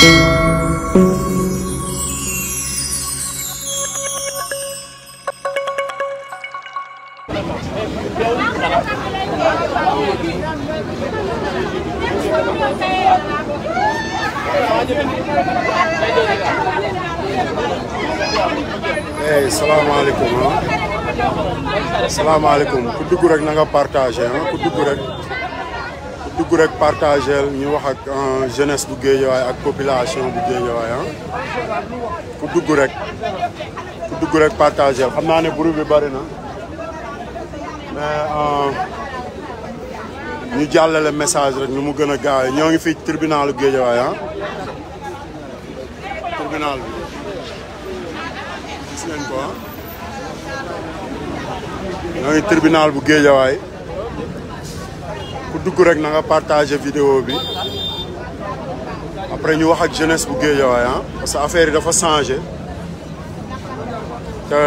Ah. salaamaaleykum ku dugg rek na nga partagé ah ku dugg rek dugg rek partagel ñu wax ak euh, jeunesse bu Géejawaay ak population bu Géejawaay ah ku dugg rek dugg rek partagel xam naa ne bruit bi bari na mais euh, ñu jàllale message rek nu mu gën a gaawee ñoo ngi fii tribunalu Géejawaay ah tribunal bi gis ngeen ngi tribunal bu Géejawaay ku dugg rek na nga partagé vidéo bi après ñu wax ak jeunesse bu Guédiawaye ah parce que affaire yi dafa changé te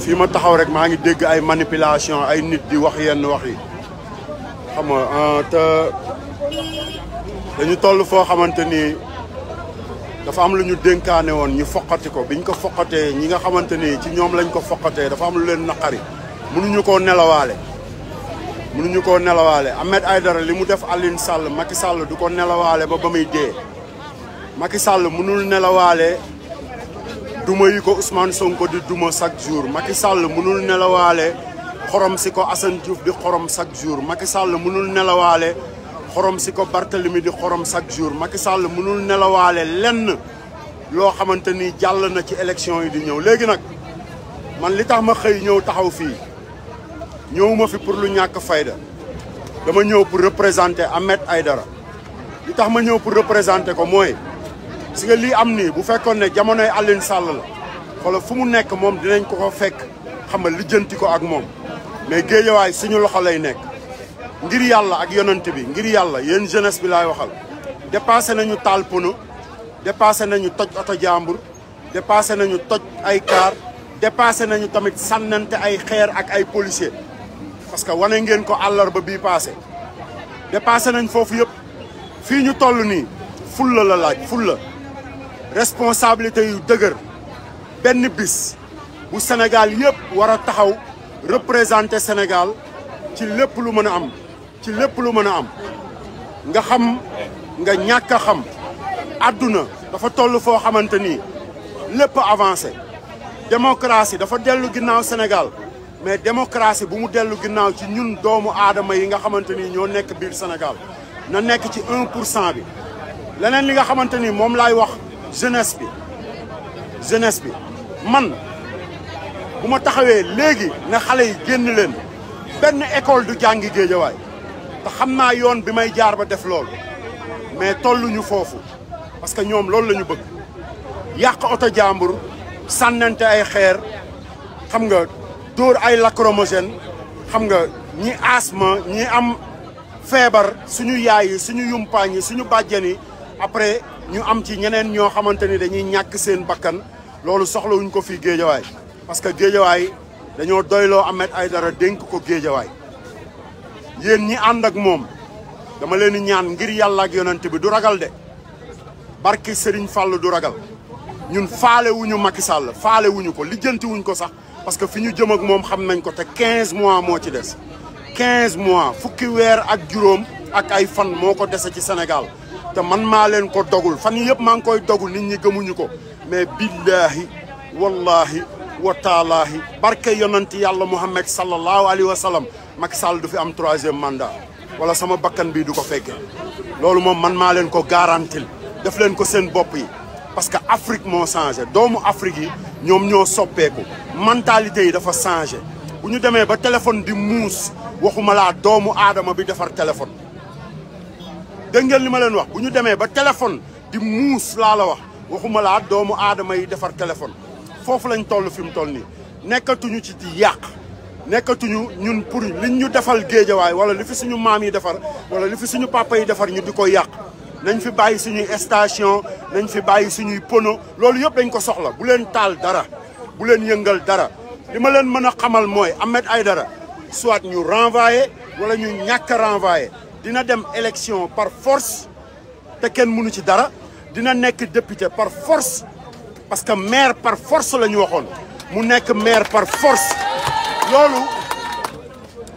fii ma taxaw rek maa ngi dégg ay manipulation ay nit di wax yenn wax yi xam nga ah, te dañu toll foo xamante ni dafa am lu ñu dénkaane woon ñu foqati ko biñ ko foqatee ñi nga xamante ni ci ñoom lañ ko foqatee dafa am lu leen naqari mënuñu koo nelawaale nu mënuñu koo nelawaale Ahmed Aïdara li mu def Alioune Sall maki Sall du ko nelawaale ba ba muy dee sàll Sall mënul nelawaale duma yi ko Ousmane Sonko di duma chaque jour Macky Sall mënul nelawaale xorom si ko Assane Diouf di xorom chaque jour Macky Sall mënul nelawaale xorom si ko Barthélemy di xorom chaque jour Macky Sall mënul nelawaale lenn loo xamante ni jàll na ci élection yi di ñëw léegi nag man li tax ma xëy ñëw taxaw fii ñëwuma fi pour lu ñàkk fayda dama ñëw pour représenter ay dara li tax ma ñëw pour représenter ko mooy si nga lii am nii bu fekkoon ne jamonoy Alioune sàll la wala fu mu nekk moom dinañ ko ko fekk xamal lijjanti ko ak moom mais géejawaay suñu loxo lay nekk ngir yàlla ak yonent bi ngir yàlla yéen jeunesse bi laay waxal dépassé nañu taal pono nañu toj oto jàmbur dépassé nañu toj ay kaar dépassé nañu tamit sànnante ay xeer ak ay policier parce que wane ngeen ko àllarba bii passé dépassé nañ foofu yëpp fii ñu toll nii fulla la laaj fulla responsabilité yu dëgër benn bis bu Sénégal yëpp war a taxaw représenter Sénégal ci lépp lu mën a am ci lépp lu mën a am nga xam nga ñàkk a xam àdduna dafa toll foo xamante ni lépp avancé démocratie dafa dellu ginnaaw Sénégal mais démocratie bu mu dellu ginnaaw ci ñun doomu aadama yi nga xamante ni ñoo nekk biir senegal na nekk ci un pour cent bi leneen li nga xamante ni moom laay wax jeunesse bi jeunesse bi man bu ma taxawee léegi na xale yi génn leen benn école du jàngi géejawaay te xam naa yoon bi may jaar ba def loolu mais tolluñu foofu parce que ñoom loolu la ñu bëgg yàq oto jàmbur sànnante ay xeer xam nga dóor ay lacrymogène xam nga ñi asma ñi am feebar suñu yaay suñu yumpaañ suñu bàjjen yi après ñu am ci ñeneen ñoo xamante ni dañuy ñàkk seen bakkan loolu soxla wuñu ko fii géejawaay parce que géejawaay dañoo doyloo ay Aidara dénk ko géejawaay yéen ñi ànd ak moom dama leen ñaan ngir yàlla ak yonent bi du ragal de barki Serigne Fall du ragal ñun faale wuñu Macky Sall faale wuñu ko lijjanti wuñ ko sax parce que fi ñu jëm moom xam nañ ko te 15 mois moo ci des 15 mois fukki weer ak juróom ak ay fan moo ko dese ci Sénégal te man maa leen ko dogul fan yii yëpp maa ngi koy dogul nit ñi gëmuñu ko mais billahi wallahi wa taalaahi barke yonanti yàlla Muhammad sallallahu alayhi wa sallam Macky Sall du fi am troisième mandat wala sama bakkan bii du ko fekke loolu moom man maa leen ko garantil def leen ko seen bopp yi parce que Afrique moo changé doomu Afrique yi ñoom ñoo soppeeku mentalité yi dafa changé bu ñu demee ba téléphone di muus waxuma laa doomu aadama bi defar téléphone dégg ngeen li ma leen wax bu ñu demee ba téléphone di muus laa wax waxuma laa doomu aadama yi defar téléphone foofu lañ toll fi mu toll nii nekkatuñu ci di yàq nekkatuñu ñun pour liñ ñu defal géejawaay wala li fi suñu maam yi defar wala lifi suñu papa yi defar ñu di ko yàq nañ fi bàyyi suñuy station nañ fi bàyyi suñuy pono loolu yëpp dañ ko soxla bu leen taal dara bu leen yëngal dara li ma leen mën a xamal mooy Ahmed dara soit ñu renvoyé wala ñu ñàkk a renvoyé dina dem élection par force te kenn mënu ci dara dina nekk député par force parce que maire par force la ñu waxoon mu nekk maire par force loolu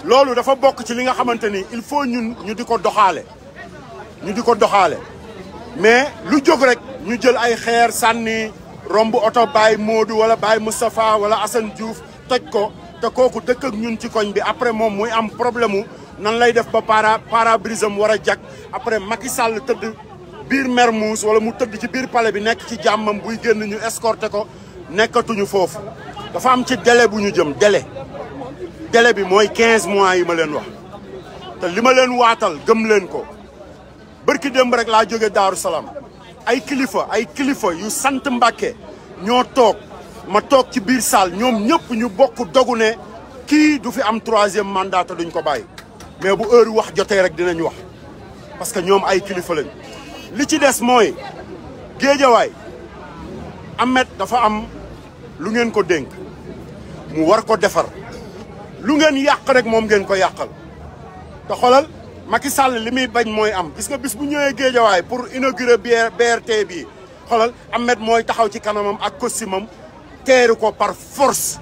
loolu dafa bokk ci li nga xamante ni il faut ñun ñu di ko doxaale ñu di ko doxaale mais lu jog rek ñu jël ay xeer sànni romb oto Baye Modou wala Baye Moustapha wala Assane Diouf toj ko te kooku dëkk ñun ci koñ bi après moom muy am problème mu nan lay def ba para war a jag après Macky Sall tëdd biir Mermoz wala mu tëdd ci biir pale bi nekk ci jàmmam buy génn ñu escorté ko nekkatuñu foofu dafa am ci délai bu ñu jëm délai délai bi mooy 15 mois yi ma leen wax te li ma leen waatal gëm leen ko bërki démb rek laa jóge Daaru Salaam ay kilifa ay kilifa yu sant Mbàkke ñoo toog ma toog ci biir salle ñoom ñëpp ñu bokk dogu ne kii du fi am troisième mandat te duñ ko bàyyi mais bu heure wax jotee rek dinañu wax parce que ñoom ay kilifa lañ li ci des mooy géejawaay Ahmed dafa am lu ngeen ko dénk mu war ko defar lu ngeen yàq rek moom ngeen ko yàqal te Macky Sall li muy bañ mooy am gis nga bis bu ñëwee Géejawaay pour inaugurer BRT bi xoolal Ahmed mooy taxaw ci kanamam ak costume-am teeru ko par force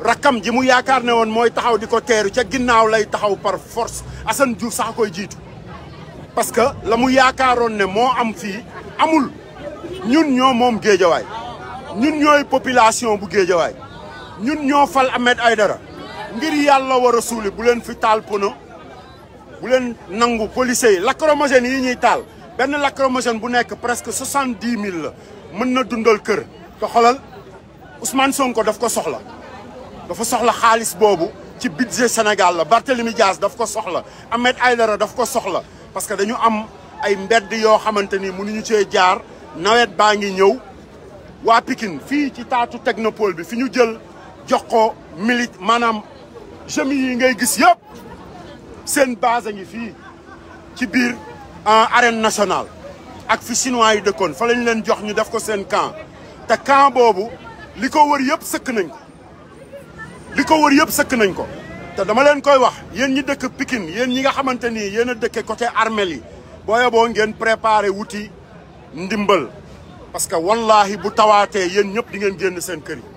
rakkam ji mu yaakaar ne woon mooy taxaw di ko teeru ca ginnaaw lay taxaw par force Assane Diouf sax koy jiitu parce que la mu yaakaaroon ne moo am fii amul ñun ñoo moom géejawaay ñun ñooy population bu géejawaay ñun ñoo fal ay dara ngir yàlla war a suuli bu leen fi taal pono bu leen nangu policiers yi lacrymogène yi ñuy taal benn lakk lacrymogène bu nekk presque soixante-dix mille la mën na dundal kër te xolal Ousmane Sonko daf ko soxla dafa soxla xaalis boobu ci budget Sénégal la Barthélemy Dias daf ko soxla ay Aïdara daf ko soxla parce que dañu am ay mbedd yoo xamante ni mënuñu cee jaar nawet baa ngi ñëw waa Pikine fii ci taatu technopole bi fi ñu jël jox ko mili maanaam jeunes yi ngay gis yëpp seen base a ngi fii ci biir a euh, arène nationale ak fi chinois yi dëkkoon fa lañ leen jox ñu def ko seen camp te camp boobu li ko wër yëpp sëkk nañ ko li ko wër yëpp sëkk nañ ko te dama leen koy wax yéen ñi dëkk pikin yéen ñi nga xamante ni yéen a dëkke côté armel yi boo yeboo ngeen préparé wuti ndimbal parce que wallahi bu tawaatee yéen ñëpp di ngeen génn seen kër yi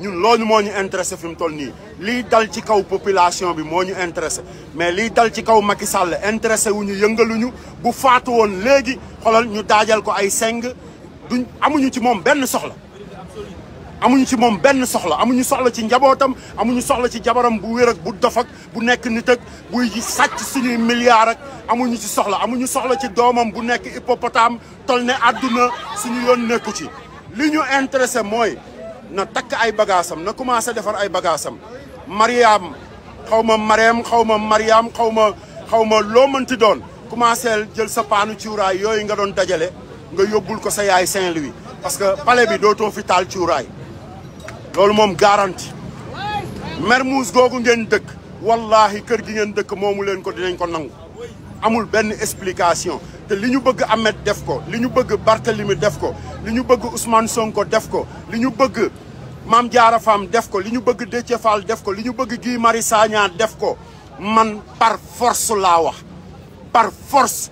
ñun looñu moo ñu intéressé fi mu toll nii lii dal ci kaw population bi moo ñu intéressé mais lii dal ci kaw Macky Sall intéressé wu ñu yëngaluñu bu faatu woon léegi xoolal ñu daajal ko ay seng duñ amuñu ci moom benn soxla. amuñu ci moom benn soxla amuñu soxla ci njabootam amuñu soxla ci jabaram bu wér ak bu dof ak bu nekk nit ak buy sàcc suñuy milliards ak amuñu ci soxla amuñu soxla ci doomam bu nekk hippopotame tol ne àdduna suñu yoon nekku ci li ñu intéressé mooy. na takk ay bagaasam na commencé defar ay bagaasam Mariam xaw ma Mariam xaw ma Mariam xaw ma xaw ma loo mënti doon commencé jël sa paanu cuuraay yooyu nga doon dajale nga yóbbul ko sa yaay Saint-Louis parce que palais bi dootoo fi taal cuuraay loolu moom garanti Mermoz googu ngeen dëkk wallaahi kër gi ngeen dëkk moomu leen ko dinañ ko nangu amul benn explication te li ñu bëgg Ahmed def ko li ñu bëgg Barthélemy def ko li ñu bëgg Ousmane Sonko def ko li ñu bëgg maam Diarra Fam def ko li ñu bëgg Déthié Fall def ko li ñu bëgg Guy Marius Sagna def ko man par force laa wax par force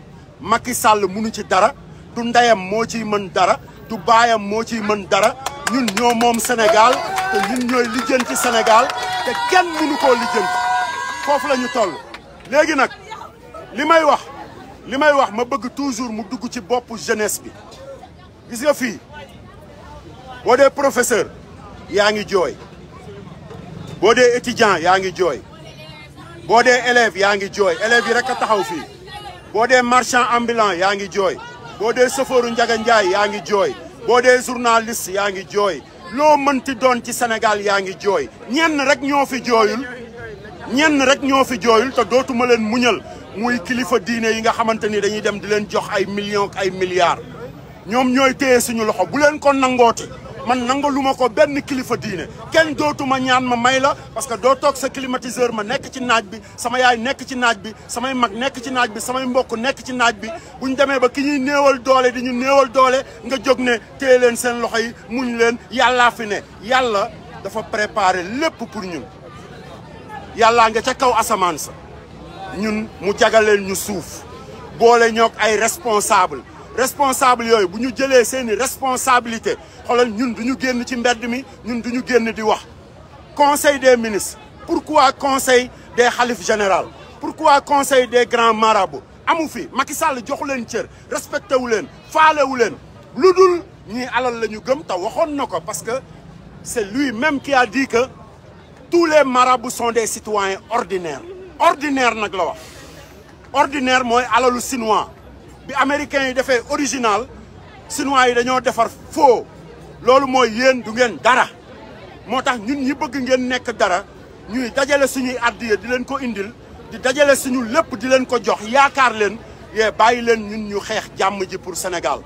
sàll mu munu ci dara du ndeyam moo ciy mën dara du baayam moo ciy mën dara ñun ñoo moom Sénégal te ñun ñooy lijjanti Sénégal te kenn mënu koo lijjanti foofu la ñu toll léegi nag li may wax li may wax ma bëgg toujours mu dugg ci boppu jeunesse bi gis nga fii boo dee professeur yaa ngi jooy boo dee étudiant yaa ngi jooy boo dee élève yaa ngi jooy élèves yi rek a taxaw fii boo dee marchand ambulant yaa ngi jooy boo dee chauffeuru Njaga Njaay yaa ngi jooy boo dee journaliste yaa ngi jooy loo mënti doon ci senegal yaa ngi jooy ñenn rek ñoo fi jooyul ñenn rek ñoo fi jooyul te dootuma leen muñal muy kilifa diine yi nga xamante ni dañuy dem di leen jox ay millions ay milliards ñoom ñooy téye suñu loxo bu leen ko nangooti man luma ko benn kilifa diine kenn dootuma ñaan ma may la parce que doo toog sa climatiseur ma nekk ci naaj bi sama yaay nekk ci naaj bi samay mag nekk ci naaj bi samay mbokk nekk ci naaj bi bu ñu demee ba ki ñuy néewal doole di ñu néewal doole nga jóg ne téye leen seen loxo yi muñ leen yàllaa fi ne yàlla dafa préparer lépp pour ñun yàllaa nga ca kaw asamaan sa ñun mu jagaleel ñu suuf boole ñoog ay responsable responsable yooyu bu ñu jëlee seeni responsabilité xoolal ñun du ñu génn ci mbedd mi ñun du ñu génn di wax conseil des ministres pourquoi conseil des xalif général pour quoi conseil des grands bu amu fi Macky Sall joxu leen cër respecté wu leen faale wu leen lu dul ñii alal la ñu gëm te waxoon na ko parce que c'est lui-même qui a dit que tous les marabouts sont des citoyens ordinaires ordinaire nag la wax ordinaire mooy alalu chinois bi américains yi defee original chinois yi dañoo defar foo loolu mooy yéen du ngeen dara moo tax ñun ñi bëgg ngeen nekk dara ñuy dajale suñuy addiya di leen ko indil di dajale suñu lépp di leen ko jox yaakaar leen yee bàyyi leen ñun ñu xeex jàmm ji pour Sénégal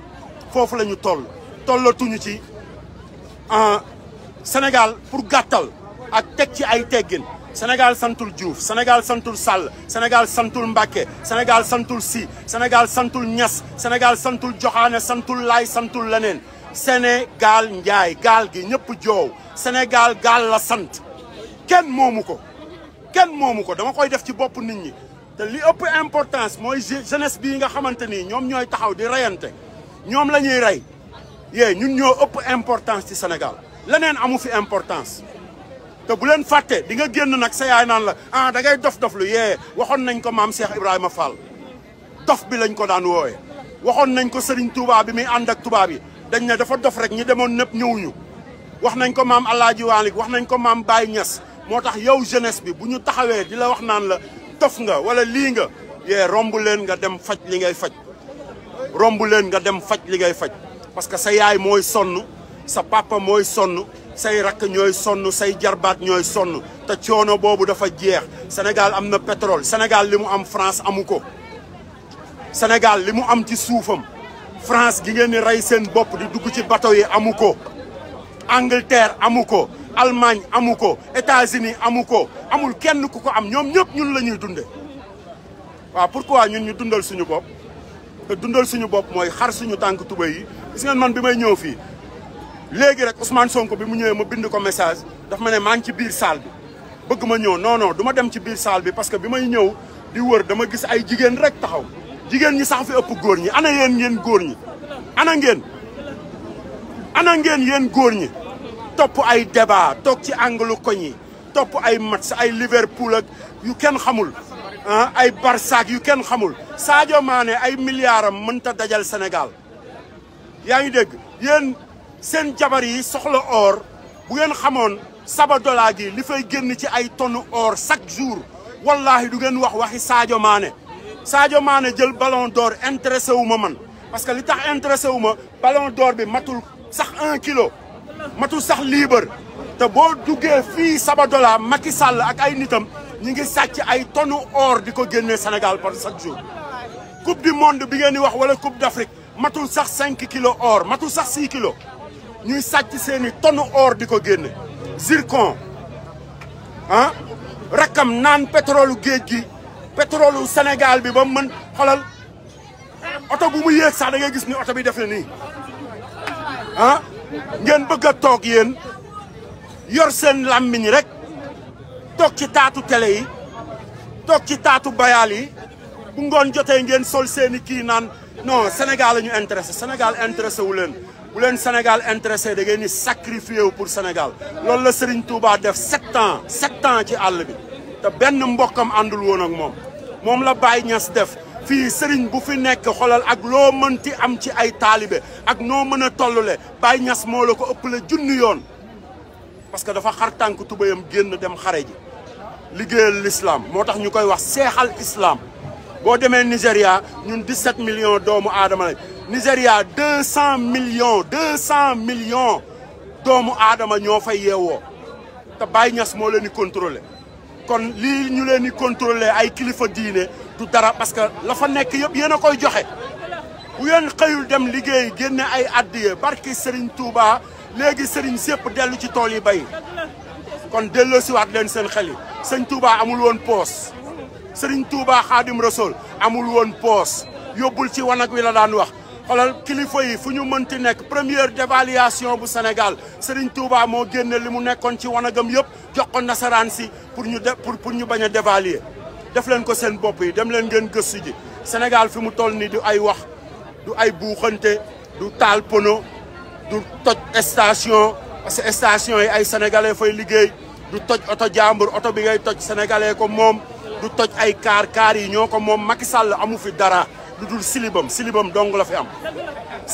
foofu la ñu toll tollatuñu ci ah, Sénégal pour gàttal ak teg ci ay teggin Sénégal santul Diouf Sénégal santul Sall Sénégal santul Mbacke Sénégal santul Si Sénégal santul Ñas Sénégal santul Joxaane santul Laay santul leneen Sénégal njaay gaal gi ñëpp joow Sénégal gaal la sant kenn moomu ko kenn moomu ko dama koy def ci bopp nit ñi te li ëpp importance mooy jeunesse bii nga xamante ni ñoom ñooy taxaw di reyante ñoom la ñuy rey yee ñun ñoo ëpp importance ci Sénégal leneen amu fi importance te bu leen fàtte di nga génn nag sa yaay naan la ah da ngay dof doflu lu yee waxoon nañ ko maam Cheikh Ibrahima Fall dof bi lañ ko daan woowe waxoon nañ ko Serigne Touba bi muy ànd ak tubaab yi dañ ne dafa dof rek ñu demoon nëpp ñëwuñu wax nañ ko maam Alaaji Waalik wax nañ ko maam Baye Niass moo tax yow jeunesse bi bu ñu taxawee di la wax naan la dof nga wala lii nga yee romb nga dem faj li ngay faj romb leen nga dem faj li ngay faj parce que sa yaay mooy sonn sa papa mooy sonn say rakk ñooy sonn say jarbaat ñooy sonn te coono boobu dafa jeex Sénégal am na pétrole Sénégal li mu am France amu ko Sénégal li mu am ci suufam France gi ngeen ni rey seen bopp di dugg ci bateau yi amu ko Angleterre amu ko Allemagne amu ko États-Unis amu ko amul kenn ku ko am ñoom ñëpp ñun la ñuy dunde waaw pourquoi ñun ñu dundal suñu bopp te dundal suñu bopp mooy xar suñu tànk tuba yi gis ngeen man bi may ñëw fii léegi rek Ousmane Sonko bi mu ñëwee ma bind ko message daf ma ne maa ngi ci biir saal bi bëgg ma ñëw non non dem ci biir saal bi parce que bi may ñëw di wër dama gis ay jigéen rek taxaw jigéen ñi sax fi ëpp góor ñi ana yéen ngeen góor ñi ana ngeen ana ngeen yéen góor ñi topp ay débat toog ci anglu ko yi topp ay match ay Liverpool ak yu kenn xamul ah, ay barsaak yu kenn xamul Sadio Mané ay milliards am mënta dajal senegal yaa ngi dégg yéen seen jabar yi soxla or bu ngeen xamoon Sabodala gi li fay génn ci ay tonne or chaque jour wallahi du ngeen wax waxi saajo maane saajo maane jël ballon d'or intéressé wu ma man parce que li tax intéressé wu ma ballon d'or bi matul sax un kilo matul sax liibar te boo duggee fii Sabodala Macky Sall ak ay nitam ñi ngi sàcc ay tonne or di ko génnee Sénégal par chaque jour coupe du monde bi ngeen di wax wala coupe d'Afrique matul sax cinq kilo or matul sax six kilo ñuy sàcc seeni tonne or di ko génne zircon ah rakkam naan petrolu géej gi pétrole Sénégal bi ba mën xolal oto bu mu yéeg sax da ngay gis ni oto bi def na nii ah ngeen bëgg a toog yéen yor seen làmmiñ rek toog ci taatu télé yi toog ci taatu bayaal yi bu ngoon jotee ngeen sol seeni kii naan non Sénégal la ñu intéressé Sénégal intéressé wu leen bu leen Sénégal intéressé da ngeen di sacrifié wu pour Sénégal loolu la Serigne Touba def sept ans sept ans ci àll bi te benn mbokkam àndul woon ak moom moom la Baye Niass def fii Serigne bu fi nekk xoolal ak loo mënti am ci ay taalibe ak noo mën a tollule Baye ñas moo la ko ëpp la junni yoon parce que dafa xar tànk tubayam génn dem xare ji liggéeyal lislaam moo tax ñu koy wax seexal islam boo demee Nigéria ñun 17 million doomu aadama lañ Nigéria deux cent millions deux cent millions doomu aadama ñoo fay yeewoo te Baye Niass moo leen di contrôler kon lii ñu leen di contrôler ay kilifa diine du dara parce que la fa nekk yëpp yéen a koy joxe bu yéen xëyul dem liggéey génne ay addiye barki Serigne Touba léegi Serigne sépp dellu ci tool yi bay kon delloosiwaat leen seen xel yi sëñ Touba amul woon poos Serigne Touba Xaadim Rasool amul woon poos yóbbul ci wanag wi la daan wax xoolal kilifa yi fu ñu mënti nekk première dévaluation bu Sénégal Serigne Touba moo génne li mu nekkoon ci wanagam yëpp jox ko nasaraan si pour ñu de pour pour ñu bañ a dévaluer def leen ko seen bopp yi dem leen ngeen gëstu ji Sénégal fi mu toll nii du ay wax du ay buuxante du taal pono du toj station parce que station yi ay sénégalais fay liggéey du toj oto jàmbur oto bi ngay toj sénégalais ko moom du toj ay kaar kaar yi ñoo ko moom Macky Sall amu fi dara lu dul silibam silibam dong la fi am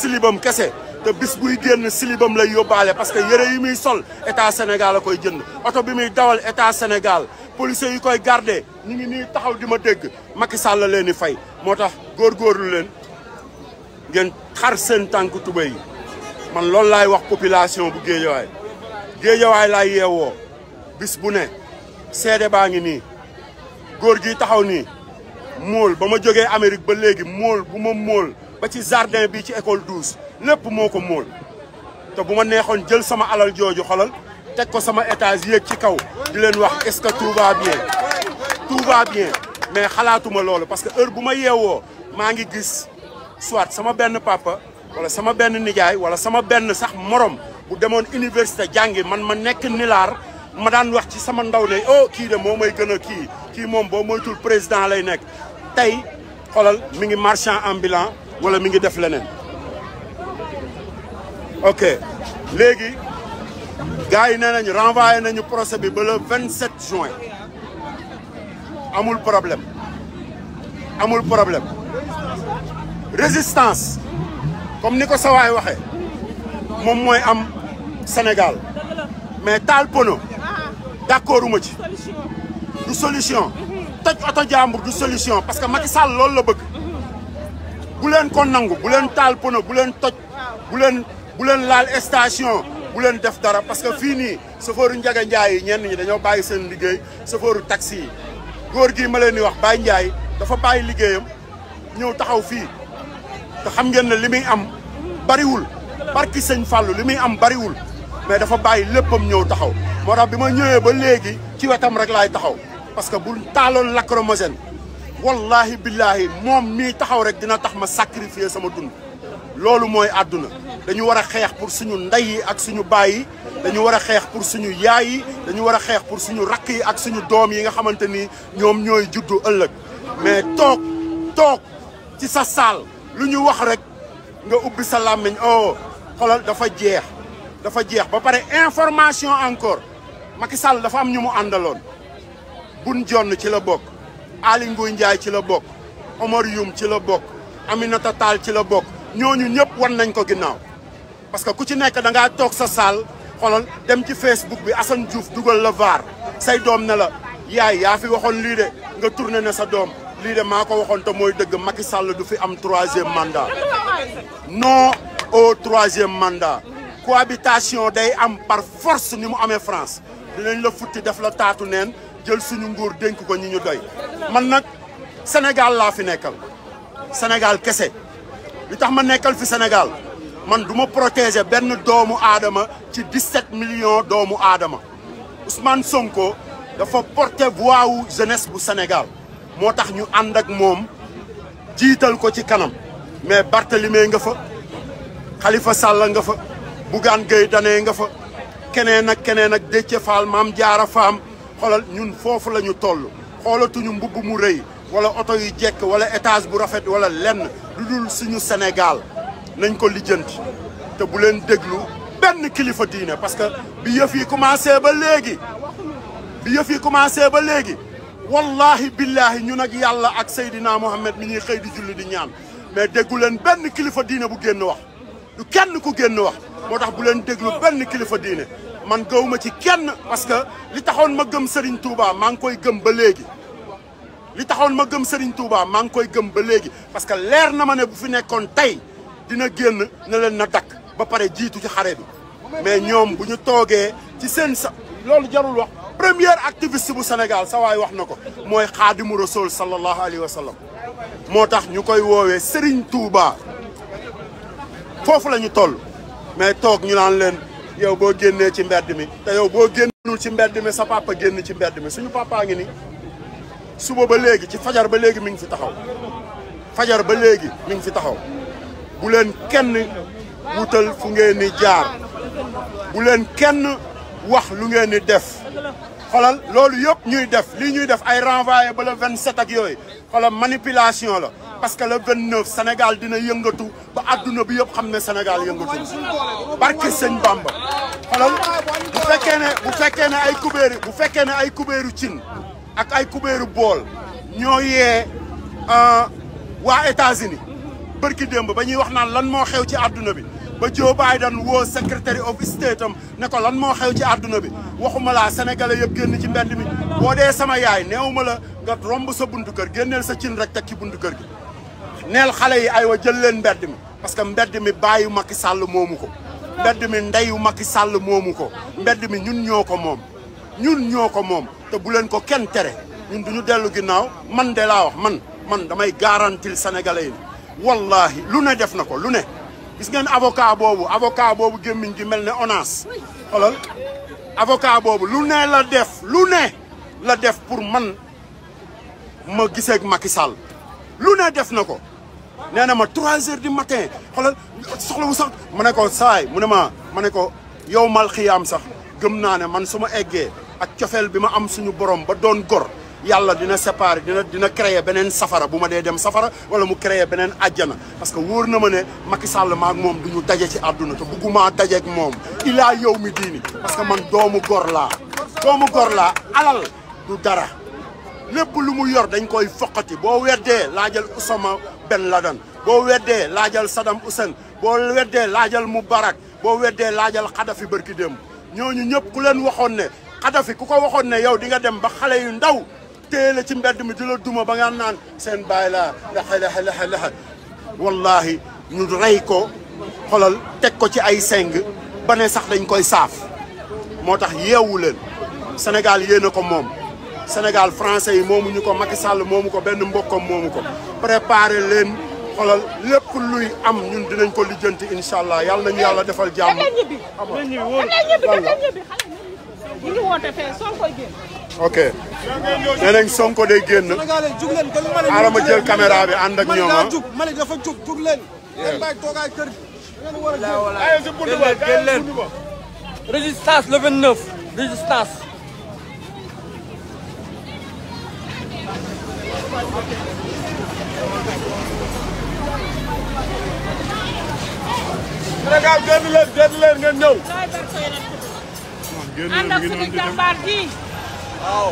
silibam kese te bis buy génn silibam lay yóbbaale parce que yëre yi muy sol état Sénégal la koy jënd oto bi muy dawal état Sénégal policiers yi koy garde ñu ni taxaw di ma dégg Macky Sall leen di fay moo tax góorgóorlu leen ngeen xar seen tànk tuba man loolu laay wax population bu géejawaay géejawaay laay yeewoo bis bu ne seede baa ngi nii góor gi taxaw nii mool ba ma jógee Amérique ba léegi mool bu ma mool ba ci jardin bi ci école douze lépp moo ko mool te bu ma neexoon jël sama alal jooju xolal teg ko sama étage yéeg ci kaw di leen wax est-ce que tout va bien mais xalaatuma lool parce que heure bu ma yeewoo maa ngi gis soit sama benn papa wala sama benn nijaay wala sama benn sax morom bu demoon université jàngi man ma nekk nilaar ma daan wax ci sama ndaw ne oh kii moo may gën a kii kii moom boo moytul président lay nekk tey xoolal mi ngi marchand ambulant wala mi ngi def leneen ok léegi gars yi nee nañu renvoyé nañu procès bi ba le 27 juin amul problème amul problème résistance comme ni ko sawaay waxee moom mooy am Sénégal mais taal pono d'accorduma ci du solution toj oto jàmbur du solution parce que Macky Sall loolu la bëgg bu leen ko nangu bu leen taal pono bu leen toj bu bu leen laal station bu leen def dara parce que fii nii chauffeuru Ndiaga Ndiaye yi ñenn ñi dañoo bàyyi seen liggéey chauffeuru taxi yi góor gi ma leen di wax Baye Ndiaye dafa bàyyi liggéeyam ñëw taxaw fii te xam ngeen ne li muy am bariwul barki sëñ Fallou li muy am bariwul mais dafa bàyyi léppam ñëw taxaw moo tax bi ma ñëwee ba léegi ci wetam rek laay taxaw parce que bu taaloon lacrymogène wallahi billahi moom mii taxaw rek dina tax ma sacrifier sama dund loolu mooy àdduna dañu war a xeex pour suñu ndey yi ak suñu baay yi dañu war a xeex pour suñu yaay yi dañu war a xeex pour suñu rakk yi ak suñu doom yi nga xamante ni ñoom ñooy juddu ëllëg mais toog toog ci sa saal lu ñu wax rek nga ubbi sa làmmiñ oh xoolal dafa jeex dafa jeex ba pare information encore maki Sall dafa am ñu mu àndaloon Bun Jonn ci la bokk Aly Ngouille Ndiaye ci la bokk Omar Youm ci la bokk Aminata Tall ci la bokk ñooñu ñëpp wan nañ ko ginnaaw parce que ku ci nekk da ngaa toog sa saal xolal dem ci Facebook bi Assane Diouf dugal la vaar say doom ne la yaay yaa fi waxoon liire nga tourné ne sa doom liire maa ko waxoon te mooy dëgg Macky Sall du fi am troisième mandat non au troisième mandat cohabitation day am par force ni mu amee France dinañ la futti def la taatu neen jël suñu nguur dénk ko ñi ñu doy man nag Sénégal laa fi nekkal Sénégal kese li tax ma nekkal fi senegal man duma ma protéger benn doomu aadama ci 17 millions doomu aadama Ousmane Sonko dafa porte voix wu jeunesse bu Sénégal moo tax ñu ànd ak moom jiital ko ci kanam mais Barthélémy nga fa Khalifa Sall nga fa Bougane Gueye Dany nga fa keneen ak keneen ak Déthié Fall Mame Diarra Fam xoolal ñun foofu la ñu toll xoolatuñu mbubb mu rëy wala oto yu jekk wala étage bu rafet wala lenn lu dul suñu Sénégal nañ ko lijjanti te bu leen déglu benn kilifa diine parce que bi yëf yi commencé ba léegi bi yëf yi commencé ba léegi wallahi billahi ñun ak yàlla ak Seydina Mohamed mi ñuy xëy di julli di ñaan mais déggu leen benn kilifa diine bu génn wax du kenn ku génn wax moo tax bu leen déglu benn kilifa diine man gëwuma ci kenn parce que li taxoon ma gëm Serigne Touba maa ngi koy gëm ba léegi li taxoon ma gëm Serigne Touba maa ngi koy gëm ba léegi parce que leer na ma ne bu fi nekkoon tey dina génn na leen na dakk ba pare jiitu ci xare bi mais ñoom bu ñu toogee ci seen sa loolu jarul wax première activiste bu Sénégal sa wax na ko mooy xaadimu rasul sallallahu alayhi wa moo tax ñu koy woowee Serigne Touba foofu la ñu toll mais toog ñu naan leen yow boo génnee ci mbedd mi te yow boo génnul ci mbedd mi sa papa génn ci mbedd mi suñu papa ngi ni suba ba léegi ci fajar ba léegi mi ngi ci taxaw fajar ba léegi mu ngi fi taxaw bu leen kenn wutal fu ngeen ni jaar bu leen kenn wax lu ngeen ni def xoolal loolu yëpp ñuy def lii ñuy def ay renvoyé bala vingt 27 ak yooy xoolal manipulation la parce que le 29 Sénégal dina yëngatu ba adduna bi yëpp xam ne Sénégal yëngatu barke sëñ Bamba xoolal bu fekkee ne bu fekkee ne ay kubéeru bu fekkee ne ay kubéeru cin ak ay kubéeru bool ñoo yee euh, waa États-Unis bërki démb ba ñuy wax naan lan moo xew ci adduna bi ba Joe Biden woo secretary of state am ne ko lan moo xew ci àdduna bi waxuma laa sénégalais yëpp génn ci mbedd mi boo dee sama yaay neewuma la nga romb sa buntu kër génneel sa cin rek teg ci buntu kër gi neel xale yi aywa jël leen mbedd mi parce que mbedd mi bàyyu Macky sàll moomu ko mbedd mi ndeyu Macky sàll moomu ko mbedd mi ñun ñoo ko moom ñun ñoo ko moom te bu leen ko kenn tere ñun duñu dellu ginnaaw man de laa wax man man damay garantir sénégalais yi wallahi lu ne def na ko lu ne gis ngeen avocat boobu avocat boobu gémmiñ gi mel ne ONAS xoolal avocat boobu lu ne la def lu ne la def pour man ma gisee ak Macky lu ne def na ko nee na ma trois heures du matin xoolal soxlawu sax mu ne ko saay mu ne ma ma ne ko yow mal xiyaam sax gëm naa ne man su ma eggee ak cofeel bi ma am suñu borom ba doon gor yàlla dina séparer dina dina créer beneen safara bu ma dee dem safara wala mu créer beneen àjjana parce que wóor na ma ne Macky Sall maak moom du ñu daje ci àdduna te bëgguma dajeeg moom ilaa yow mi diini parce que man doomu gor laa doomu gor laa alal du dara lépp lu mu yor dañ koy foqati boo weddee laajal Usama Ben Laden boo weddee laajal Saddam usen boo weddee laajal Mubarak boo weddee laajal Xadafi bërki démb ñooñu ñëpp ku leen waxoon ne Xadafi ku ko waxoon ne yow di nga dem ba xale yu ndaw téye ci mbedd mi di la duma ba nga naan seen baay laa laxa laxa laxa laxa wallahi ñu rey ko xolal teg ko ci ay seng bane ne sax dañ koy saaf moo tax yeewu leen Sénégal yéen ko moom Sénégal français yi ñu ko Macky Sall moomu ko benn mbokkam moomu ko préparé leen xolal lépp luy am ñun dinañ ko lijjanti incha allah yàlla nañu yàlla defal jàmm. ñu ngi woote fee Sonko génn. ok nee nañ Sonko day génn. alama jël caméra bi ànd ak ñoom ah. ma jug jug leen. ngeen toogaay kër gi. wallaahi génn leen résistance le 29 résistance. ànd ak suñu jàmbaar ji waaw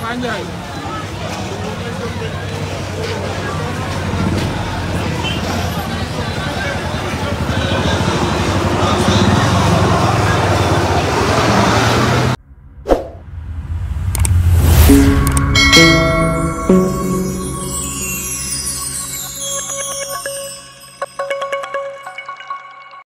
Fandiaye